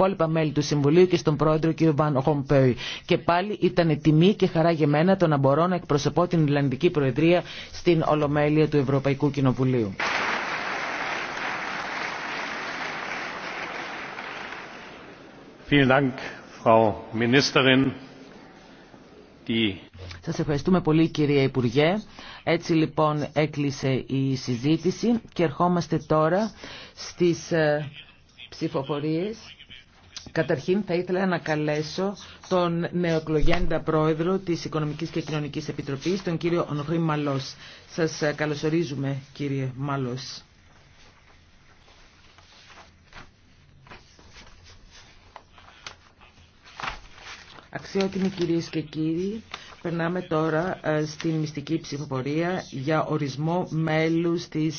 υπόλοιπα μέλη του Συμβουλίου και στον πρόεδρο κ. Βαν Χομπέι. Και πάλι ήταν τιμή και χαρά για μένα το να μπορώ να εκπροσωπώ την Ιρλανδική Προεδρία στην Ολομέλεια του Ευρωπαϊκού Κοινοβουλίου. Σας ευχαριστούμε πολύ κυρία Υπουργέ. Έτσι λοιπόν έκλεισε η συζήτηση και ερχόμαστε τώρα στις ε, ψηφοφορίες. Καταρχήν θα ήθελα να καλέσω τον νεοεκλογέντα πρόεδρο της Οικονομικής και Κοινωνικής Επιτροπής, τον κύριο Ονοχρή Μαλός. Σας ε, καλωσορίζουμε κύριε Μαλός. Αξιότιμοι κυρίες και κύριοι, περνάμε τώρα ε, στην μυστική ψηφοφορία για ορισμό μέλους της